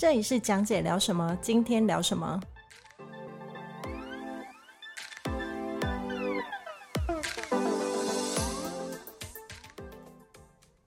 這裡是講姐聊什麼？今天聊什麼？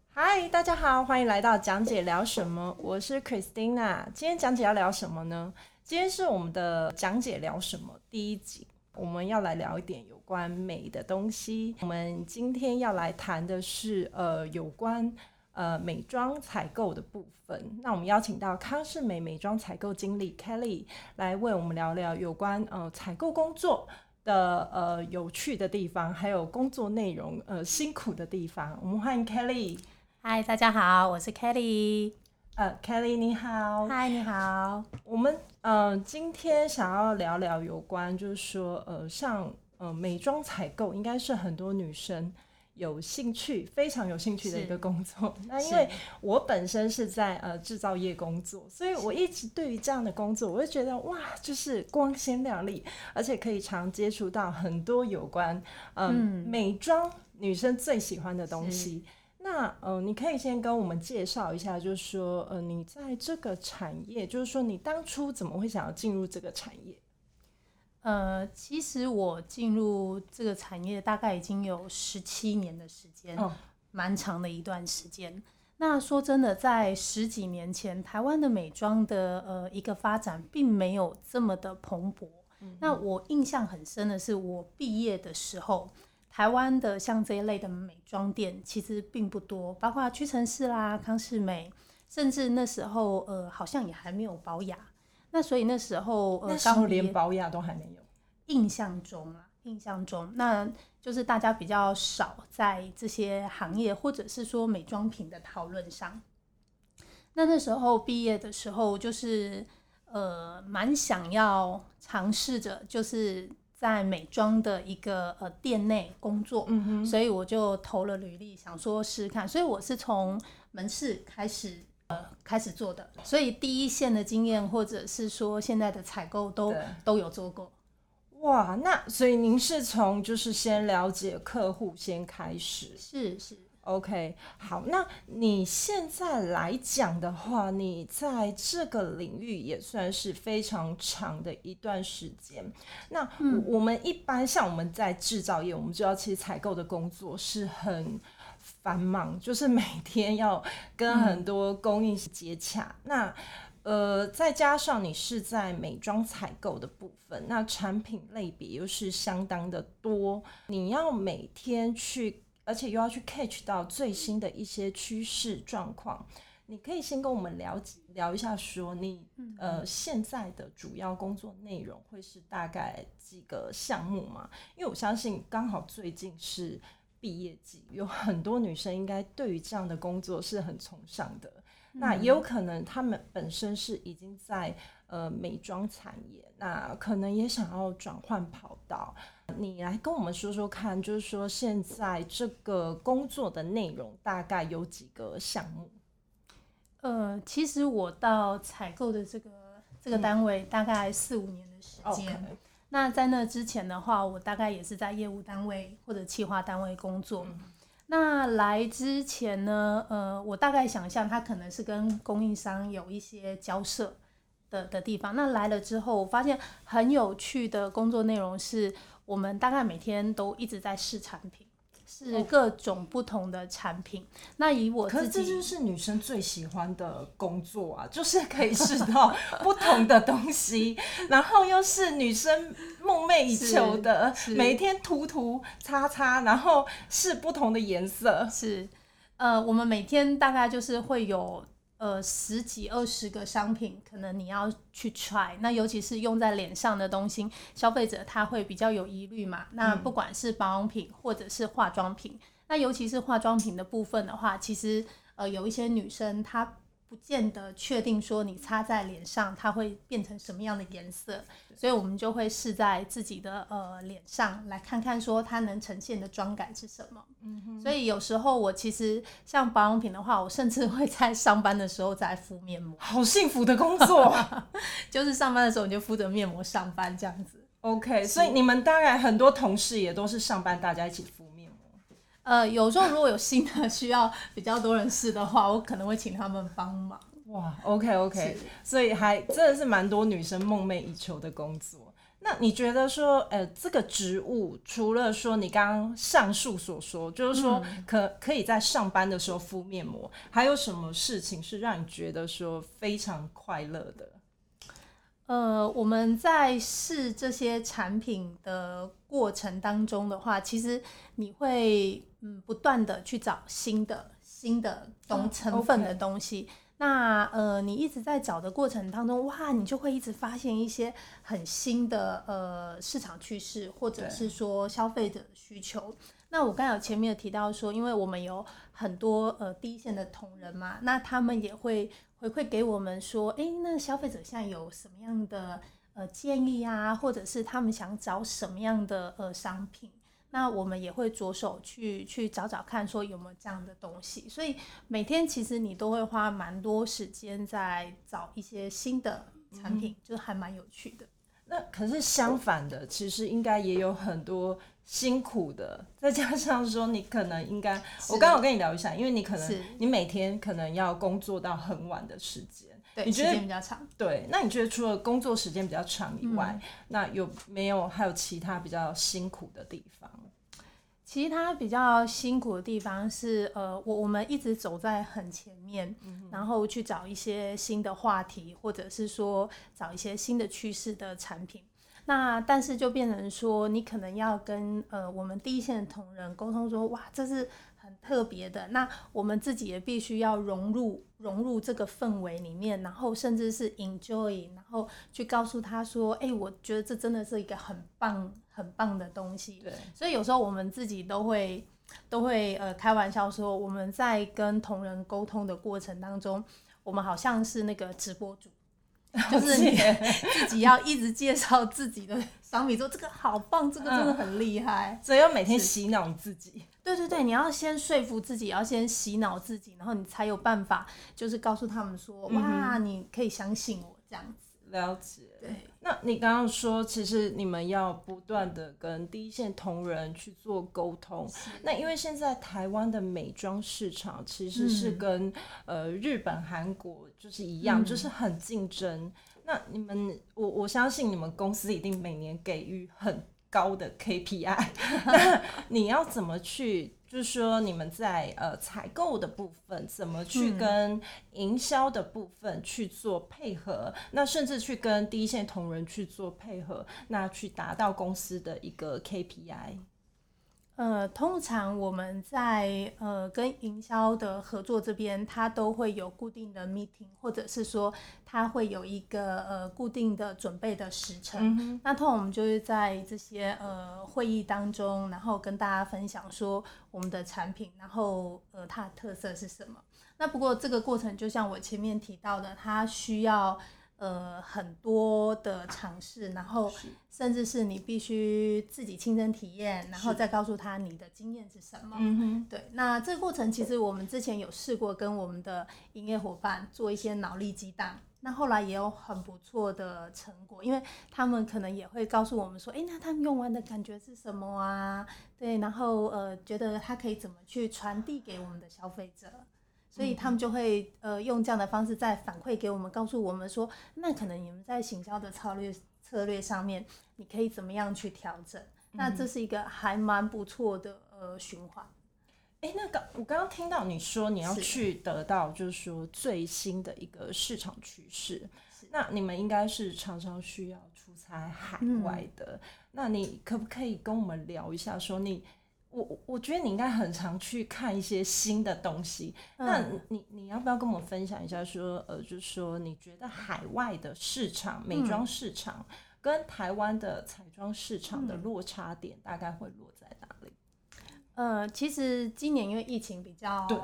嗨，大家好，歡迎來到講姐聊什麼。我是 Christina，今天講姐要聊什麼呢？今天是我們的講姐聊什麼第一集，我們要來聊一點有關美的東西。我們今天要來談的是呃，有關。呃，美妝採購的部分，那我們邀請到康是美美妝採購經理 Kelly 來為我們聊聊有關呃採購工作的呃有趣的地方，還有工作內容呃辛苦的地方。我們歡迎 Kelly。嗨，大家好，我是 Kelly。呃，Kelly 你好。嗨，你好。我們呃今天想要聊聊有關就是說呃像呃美妝採購，應該是很多女生。有興趣，非常有興趣的一個工作。是那因為我本身是在呃製造業工作，所以我一直對於這樣的工作，我會覺得哇，就是光鮮亮麗，而且可以常接觸到很多有關、呃、嗯美妝女生最喜歡的東西。是那嗯、呃，你可以先跟我們介紹一下，就是說嗯、呃，你在這個產業，就是說你當初怎麼會想要進入這個產業？呃，其實我進入這個產業大概已經有十七年的時間，哦、蠻長的一段時間。那說真的，在十幾年前，台灣的美妝的呃一個發展並沒有這麼的蓬勃。嗯嗯那我印象很深的是，我畢業的時候，台灣的像這一類的美妝店其實並不多，包括屈臣氏啦、康是美，甚至那時候呃好像也還沒有寶雅。那所以那時候，呃，那時候連保養都還沒有。印象中啊，印象中，那就是大家比較少在這些行業或者是說美妝品的討論上。那那時候畢業的時候，就是呃，蠻想要嘗試着，就是在美妝的一個呃店內工作。嗯哼。所以我就投了履歷，想說試試看。所以我是從門市開始。開始做的，所以第一線的經驗，或者是說現在的採購都對都有做過。哇，那所以您是從就是先了解客戶先開始，是是 OK。好，那你現在來講的話，你在這個領域也算是非常長的一段時間。那我們一般像我們在製造業，我們知道其實採購的工作是很。繁忙，就是每天要跟很多供應商接洽，嗯、那呃再加上你是在美妝採購的部分，那產品類別又是相當的多，你要每天去，而且又要去 catch 到最新的一些趨勢狀況，你可以先跟我們聊聊一下，說你嗯嗯呃現在的主要工作內容會是大概幾個項目嗎？因為我相信剛好最近是。畢業季有很多女生應該對於這樣的工作是很崇尚的，嗯、那也有可能她們本身是已經在呃美妝產業，那可能也想要轉換跑道。你來跟我們說說看，就是說現在這個工作的內容大概有幾個項目？呃，其實我到採購的這個這個單位大概四、嗯、五年的時間。Okay. 那在那之前的話，我大概也是在業務單位或者企劃單位工作。那來之前呢，呃，我大概想象他可能是跟供應商有一些交涉的的地方。那來了之後，我發現很有趣的工作內容是，我們大概每天都一直在試產品。是各種不同的產品。哦、那以我自己可是，這就是女生最喜歡的工作啊，就是可以試到不同的東西， 然後又是女生夢寐以求的，每天塗塗擦擦，然後試不同的顏色。是，呃，我們每天大概就是會有。呃，十幾二十個商品，可能你要去 try，那尤其是用在臉上的東西，消費者他會比較有疑慮嘛。那不管是保養品或者是化妝品，嗯、那尤其是化妝品的部分的話，其實呃，有一些女生她。不見得確定說你擦在臉上它會變成什麼樣的顏色，所以我們就會試在自己的呃臉上來看看說它能呈現的妝感是什麼。嗯哼。所以有時候我其實像保養品的話，我甚至會在上班的時候再敷面膜。好幸福的工作， 就是上班的時候你就敷着面膜上班這樣子。OK，是所以你們當然很多同事也都是上班大家一起敷？呃，有時候如果有新的需要比較多人試的話，我可能會請他們幫忙。哇，OK OK，是所以還真的是蠻多女生夢寐以求的工作。那你覺得說，呃，這個職務除了說你剛剛上述所說，就是說可、嗯、可以在上班的時候敷面膜，還有什麼事情是讓你覺得說非常快樂的？呃，我們在試這些產品的過程當中的話，其實你會。嗯，不斷的去找新的新的東成分的東西。嗯 okay，那呃，你一直在找的過程當中，哇，你就會一直發現一些很新的呃市場趨勢，或者是說消費者的需求。對那我剛才有前面有提到說，因為我們有很多呃第一線的同仁嘛，那他們也會回饋給我們說，誒、欸，那消費者現在有什麼樣的呃建議啊，或者是他們想找什麼樣的呃商品。那我們也會着手去去找找看，說有沒有這樣的東西。所以每天其實你都會花蠻多時間在找一些新的產品，嗯、就還蠻有趣的。那可是相反的，其實應該也有很多辛苦的。再加上說，你可能應該，是我剛好跟你聊一下，因為你可能是你每天可能要工作到很晚的時間。對你時間比較長，對。那你覺得除了工作時間比較長以外，嗯、那有沒有還有其他比較辛苦的地方？其他比較辛苦的地方是，呃，我我們一直走在很前面，嗯、哼然後去找一些新的話題，或者是說找一些新的趨勢的產品。那但是就變成說，你可能要跟呃我們第一線的同仁溝通說，哇，這是。特別的，那我們自己也必須要融入融入這個氛圍裡面，然後甚至是 enjoy，然後去告訴他說，哎、欸，我覺得這真的是一個很棒很棒的東西。對，所以有時候我們自己都會都會呃開玩笑說，我們在跟同仁溝通的過程當中，我們好像是那個直播主。就是你自己要一直介紹自己的商品說，這個好棒，這個真的很厲害，所以要每天洗腦你自己。對對對，你要先說服自己，要先洗腦自己，然後你才有辦法，就是告訴他們說，嗯、哼哇，你可以相信我這樣子。了解。對，那你剛剛說，其實你們要不斷的跟第一線同仁去做溝通。對那因為現在台灣的美妝市場其實是跟、嗯、呃日本、韓國就是一樣，嗯、就是很競爭。那你們，我我相信你們公司一定每年給予很高的 KPI。你要怎麼去？就是說，你們在呃採購的部分怎麼去跟營銷的部分去做配合？嗯、那甚至去跟第一線同仁去做配合，那去達到公司的一個 KPI。呃，通常我們在呃跟營銷的合作這邊，它都會有固定的 meeting，或者是說它會有一個呃固定的準備的時程。嗯哼。那通常我們就是在這些呃會議當中，然後跟大家分享說我們的產品，然後呃它的特色是什麼。那不過這個過程就像我前面提到的，它需要。呃，很多的嘗試，然後甚至是你必須自己親身體驗，是然後再告訴他你的經驗是什麼。嗯哼，對。那這個過程其實我們之前有試過跟我們的營業夥伴做一些腦力激盪，是那後來也有很不錯的成果，因為他們可能也會告訴我們說，誒，那他們用完的感覺是什麼啊？對，然後呃，覺得他可以怎麼去傳遞給我們的消費者。所以他們就會呃用這樣的方式在反饋給我們，告訴我們說，那可能你們在行銷的策略策略上面，你可以怎麼樣去調整？嗯、那這是一個還蠻不錯的呃循環。誒、欸，那剛、個、我剛剛聽到你說你要去得到，就是說最新的一個市場趨勢，的那你們應該是常常需要出差海外的。嗯、那你可不可以跟我們聊一下，說你？我我覺得你應該很常去看一些新的東西，嗯、那你你要不要跟我們分享一下說？說呃，就是說你覺得海外的市場美妝市場、嗯、跟台灣的彩妝市場的落差點大概會落在哪裡？嗯、呃，其實今年因為疫情比較對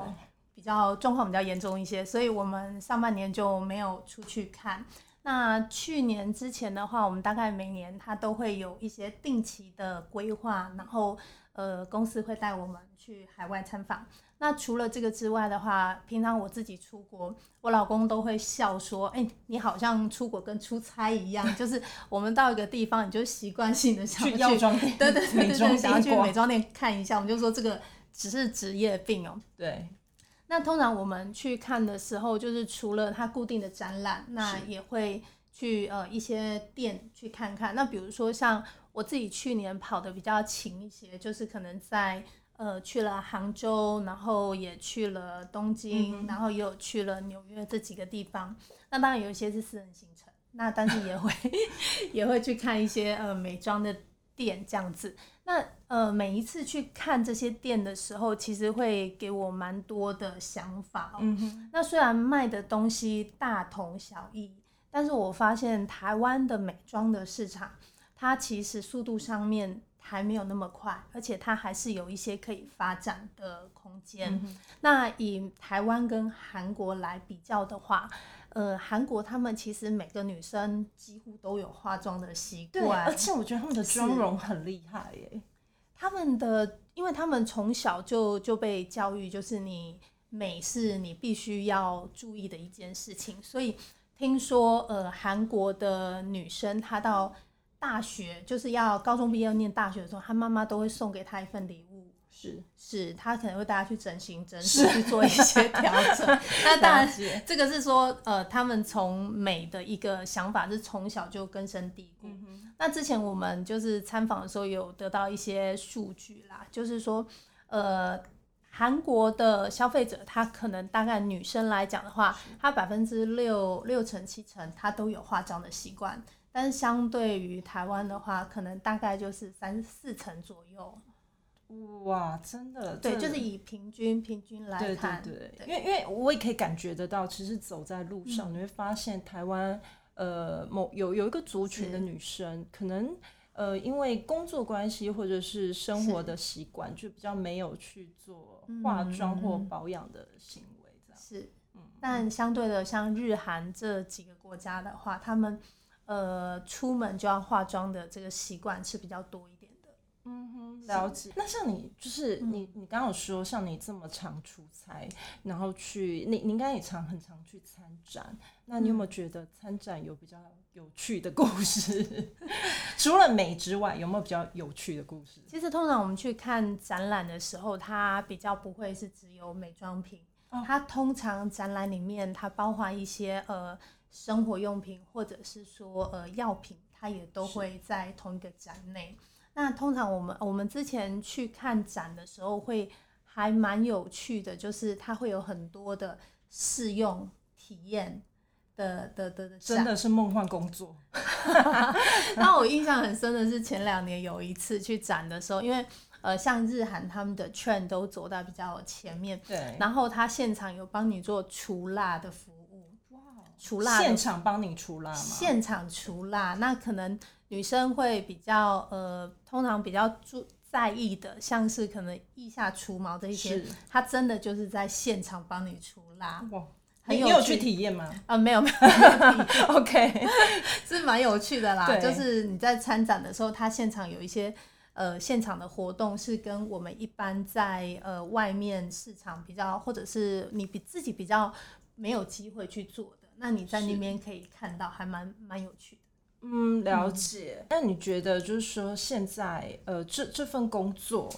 比較狀況比較嚴重一些，所以我們上半年就沒有出去看。那去年之前的話，我們大概每年它都會有一些定期的規劃，然後。呃，公司會帶我們去海外參訪。那除了這個之外的話，平常我自己出國，我老公都會笑說：“哎、欸，你好像出國跟出差一樣， 就是我們到一個地方，你就習慣性的想要去， 對，對對對對，想要去美妝店看一下。”我們就說這個只是職業病哦、喔。對。那通常我們去看的時候，就是除了它固定的展覽，那也會去呃一些店去看看。那比如說像。我自己去年跑的比較勤一些，就是可能在呃去了杭州，然後也去了東京，嗯、哼然後也有去了紐約這幾個地方。那當然有一些是私人行程，那但是也會 也會去看一些呃美妝的店這樣子。那呃每一次去看這些店的時候，其實會給我蠻多的想法哦。嗯、哼那雖然賣的東西大同小異，但是我發現台灣的美妝的市場。它其實速度上面還沒有那麼快，而且它還是有一些可以發展的空間。嗯哼。那以台灣跟韓國來比較的話，呃，韓國他們其實每個女生幾乎都有化妝的習慣，對，而且我覺得他們的妝容很厲害耶。他們的，因為他們從小就就被教育，就是你美是你必須要注意的一件事情，所以聽說呃，韓國的女生她到。大學就是要高中畢業要念大學的時候，他媽媽都會送給他一份禮物。是是，他可能會帶他去整形、整體，去做一些調整。是 那當然，這個是說，呃，他們從美的一個想法是從小就根深蒂固。嗯、哼那之前我們就是參訪的時候有得到一些數據啦，就是說，呃，韓國的消費者，她可能大概女生來講的話，是她百分之六六成七成，她都有化妝的習慣。但相對於台灣的話，可能大概就是三四成左右。哇，真的？對，的就是以平均平均來看。對，對對對，對因為因為我也可以感覺得到，其實走在路上，嗯、你會發現台，台灣呃某有有一個族群的女生，是可能呃因為工作關係或者是生活的習慣，是就比較沒有去做化妝或保養的行為這樣。嗯嗯是。嗯。但相對的，像日韓這幾個國家的話，他們。呃，出門就要化妝的這個習慣是比較多一點的，嗯哼，了解。那像你，就是你，嗯、你剛剛有說，像你這麼常出差，然後去，你，你應該也常很常去參展。那你有沒有覺得參展有比較有趣的故事？嗯、 除了美之外，有沒有比較有趣的故事？其實，通常我們去看展覽的時候，它比較不會是只有美妝品，它通常展覽裡面它包含一些呃。生活用品或者是說呃藥品，它也都會在同一個展內。是那通常我們我們之前去看展的時候，會還蠻有趣的，就是它會有很多的試用體驗的的的、的。真的是夢幻工作。那我印象很深的是前兩年有一次去展的時候，因為呃像日韓他們的 trend 都走到比較前面，對。然後他現場有幫你做除蠟的服務。除蠟，現場幫你除蠟，現場除蠟。那可能女生會比較呃，通常比較注在意的，像是可能腋下除毛這一些，他是真的就是在現場幫你除蠟。哇，很有趣，你有去體驗嗎？啊，沒有沒有 ，OK，是蠻有趣的啦。對就是你在參展的時候，他現場有一些呃現場的活動，是跟我們一般在呃外面市場比較，或者是你比自己比較沒有機會去做的。那你在那邊可以看到，是還蠻蠻有趣的。嗯，了解。那、嗯、你覺得就是說，現在呃，這這份工作。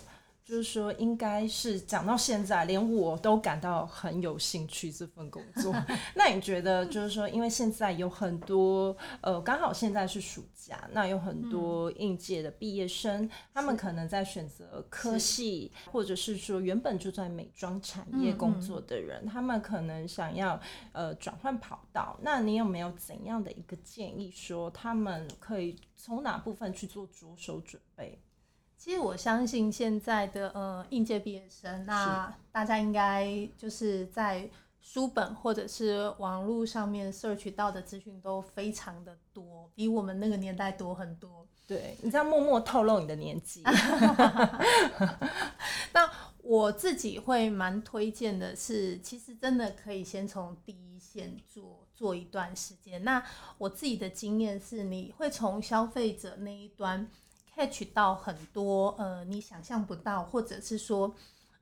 就是說，應該是講到現在，連我都感到很有興趣這份工作。 那你覺得，就是說，因為現在有很多，呃，剛好現在是暑假，那有很多應屆的畢業生，嗯、他們可能在選擇科系，或者是說原本就在美妝產業工作的人，嗯嗯、他們可能想要呃轉換跑道。那你有沒有怎樣的一個建議說，說他們可以從哪部分去做着手準備？其實我相信現在的呃應屆畢業生，那大家應該就是在書本或者是網絡上面搜尋到的資訊都非常的多，比我們那個年代多很多。對，你這樣默默透露你的年紀。 那我自己會蠻推薦的是，其實真的可以先從第一線做做一段時間。那我自己的經驗是，你會從消費者那一端。catch 到很多呃你想象不到，或者是說，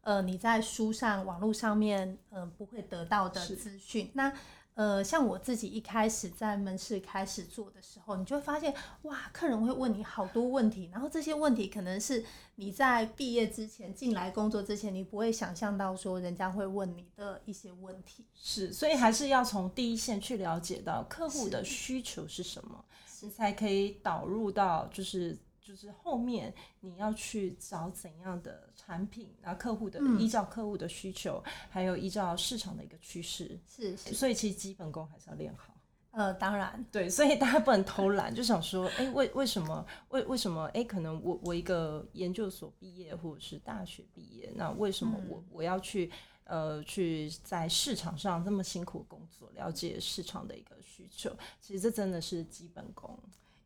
呃你在書上、網絡上面嗯、呃、不會得到的資訊。是那呃像我自己一開始在門市開始做的時候，你就會發現哇，客人會問你好多問題，然後這些問題可能是你在畢業之前進來工作之前，你不會想象到說人家會問你的一些問題。是，所以還是要從第一線去了解到客戶的需求是什麼，是是是才可以導入到就是。就是後面你要去找怎樣的產品，那客戶的依照客戶的需求，嗯、還有依照市場的一個趨勢，是、是、欸，所以其實基本功還是要練好。呃，當然，對，所以大家不能偷懶， 就想說，哎、欸，為為什麼，為為什麼，哎、欸，可能我我一個研究所畢業或者是大學畢業，那為什麼我、嗯、我要去，呃，去在市場上這麼辛苦工作，了解市場的一個需求？其實這真的是基本功。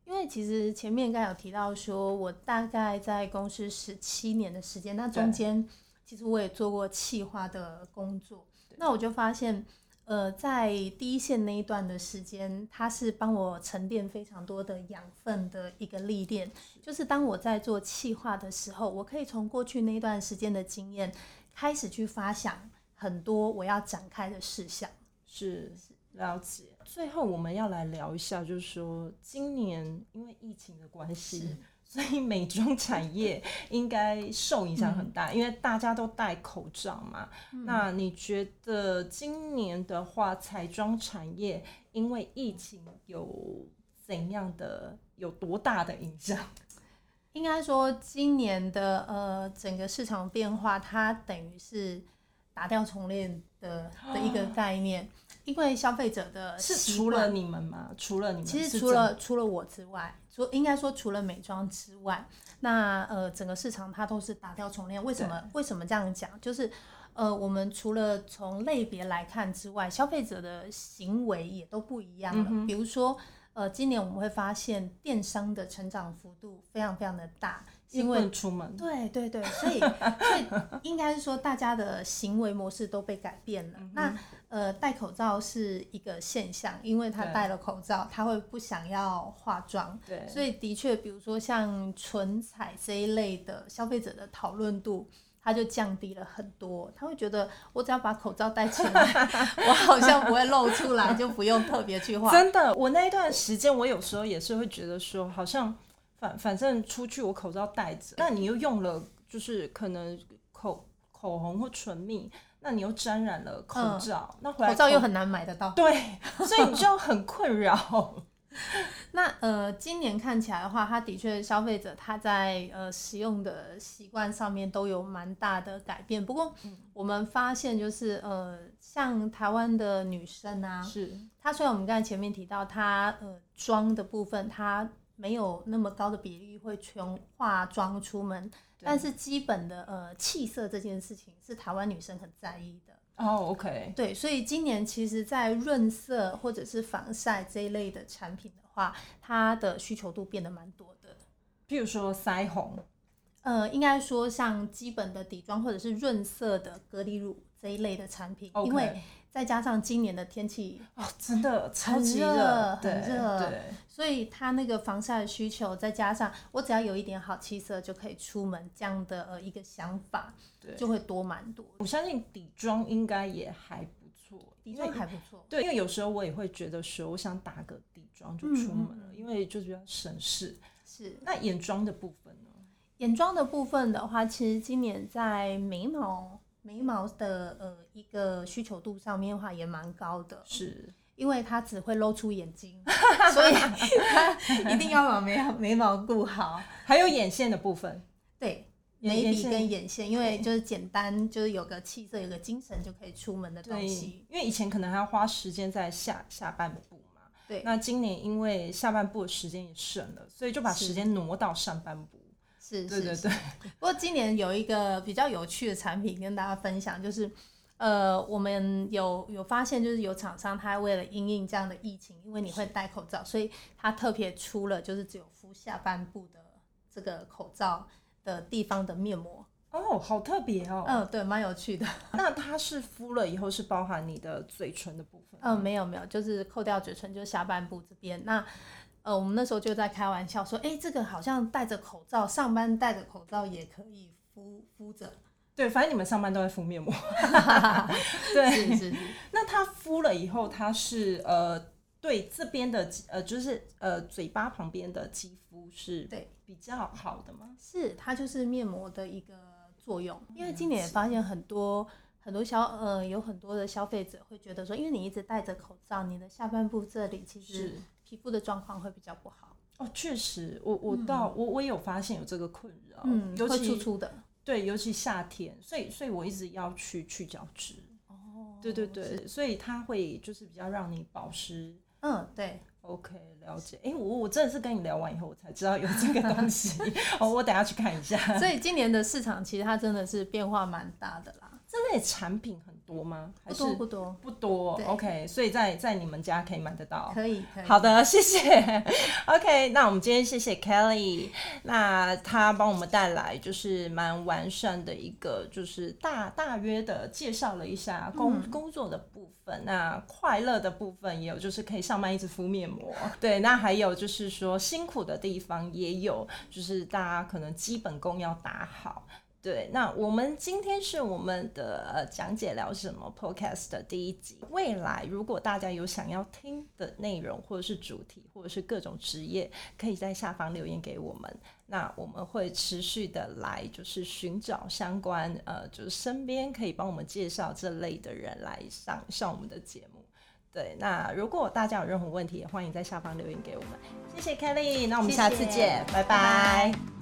因為其實前面剛，剛有提到說，我大概在公司十七年的時間，那中間其實我也做過企劃的工作，那我就發現，呃，在第一線那一段的時間，它是幫我沉澱非常多的養分的一個歷練，是，就是當我在做企劃的時候，我可以從過去那段時間的經驗開始去發想很多我要展開的事項，是，了解是。然後最後我們要來聊一下，就是說今年因為疫情的關係，是所以美妝產業應該受影響很大，嗯、因為大家都戴口罩嘛。嗯、那你覺得今年的話，彩妝產業因為疫情有怎樣的、有多大的影響？應該說，今年的呃整個市場變化，它等於是打掉重練的的一個概念。啊因為消費者的是除了你們嗎？除了你們，其實除了除了我之外，除應該說除了美妝之外，那呃整個市場它都是打掉重練。為什麼？對為什麼這樣講？就是呃，我們除了從類別來看之外，消費者的行為也都不一樣了。嗯、哼比如說，呃，今年我們會發現電商的成長幅度非常非常的大。因為出門，對對對，所以所以應該是說，大家的行為模式都被改變了。 那呃，戴口罩是一個現象，因為他戴了口罩，對他會不想要化妝。對，所以的確，比如說像唇彩這一類的消費者的討論度，他就降低了很多。他會覺得，我只要把口罩戴起來， 我好像不會露出來， 就不用特別去化。真的，我那一段時間，我有時候也是會覺得說，好像。反，反正出去我口罩戴着，那你又用了，就是可能口口紅或唇蜜，那你又沾染了口罩，那回來口罩又很難買得到，對，所以你就很困擾 那呃，今年看起來的話，他的確消費者他在呃使用的習慣上面都有蠻大的改變。不過我們發現就是呃，像臺灣的女生啊，嗯、是她雖然我們剛才前面提到她呃妝的部分，她。沒有那麼高的比例會全化妝出門，對但是基本的呃氣色這件事情是台灣女生很在意的哦。Oh, OK，對，所以今年其實在潤色或者是防曬這一類的產品的話，它的需求度變得蠻多的。譬如說腮紅，呃，應該說像基本的底妝或者是潤色的隔離乳這一類的產品，Okay. 因為。再加上今年的天氣、哦、真的超級熱，很熱，所以它那個防曬的需求，再加上我只要有一點好氣色就可以出門這樣的呃一個想法，對，就會多蠻多。我相信底妝應該也還不錯，底妝還不錯。對，因為有時候我也會覺得說，我想打個底妝就出門了，嗯、因為就比較省事。是。那眼妝的部分呢？眼妝的部分的話，其實今年在眉毛。眉毛的呃一個需求度上面的話也蠻高的，是，因為它只會露出眼睛， 所以他一定要把眉眉毛顧好。還有眼線的部分，對，眉筆跟眼線，眼線因為就是簡單，對就是有個氣色，有個精神就可以出門的東西。對，因為以前可能還要花時間在下下半部嘛，對，那今年因為下半部的時間也省了，所以就把時間挪到上半部。是對對對是，不過今年有一個比較有趣的產品跟大家分享，就是，呃，我們有有發現，就是有廠商他為了因應這樣的疫情，因為你會戴口罩，是所以他特別出了就是只有敷下半部的這個口罩的地方的面膜。哦，好特別哦。嗯，對，蠻有趣的。那它是敷了以後是包含你的嘴唇的部分？嗯，沒有沒有，就是扣掉嘴唇，就下半部這邊。那呃，我們那時候就在開玩笑說，哎、欸，這個好像戴着口罩上班，戴着口罩也可以敷敷着。對，反正你們上班都在敷面膜。 對，是是是，那它敷了以後，它是呃，對這邊的呃，就是呃，嘴巴旁邊的肌膚是對比較好的嗎？是，它就是面膜的一個作用。因為今年也發現很多很多消呃，有很多的消費者會覺得說，因為你一直戴着口罩，你的下半部這裡其實。皮膚的狀況會比較不好哦，確實，我我到、嗯、我我也有發現有這個困擾，嗯，尤其會粗粗的，對，尤其夏天，所以所以我一直要去去角質，哦、嗯，對對對，是所以它會就是比較讓你保濕，嗯，對，OK，了解，哎、欸，我我真的是跟你聊完以後，我才知道有這個東西， 哦，我等下去看一下， 所以今年的市場其實它真的是變化蠻大的啦，這類產品。多嗎？不多不多不多。不多不多 OK，所以在在你們家可以買得到。可以可以。可以好的，謝謝。OK，那我們今天謝謝 Kelly，那她幫我們帶來就是蠻完善的一個，就是大大約的介紹了一下工工作的部分，嗯、那快樂的部分也有，就是可以上班一直敷面膜。對，那還有就是說辛苦的地方也有，就是大家可能基本功要打好。對，那我們今天是我們的呃講姐聊什麼 Podcast 的第一集。未來如果大家有想要聽的內容，或者是主題，或者是各種職業，可以在下方留言給我們。那我們會持續的來就是尋找相關呃，就是身邊可以幫我們介紹這類的人來上上我們的節目。對，那如果大家有任何問題，也歡迎在下方留言給我們。謝謝 Kelly，那我們下次見，謝謝拜拜。拜拜。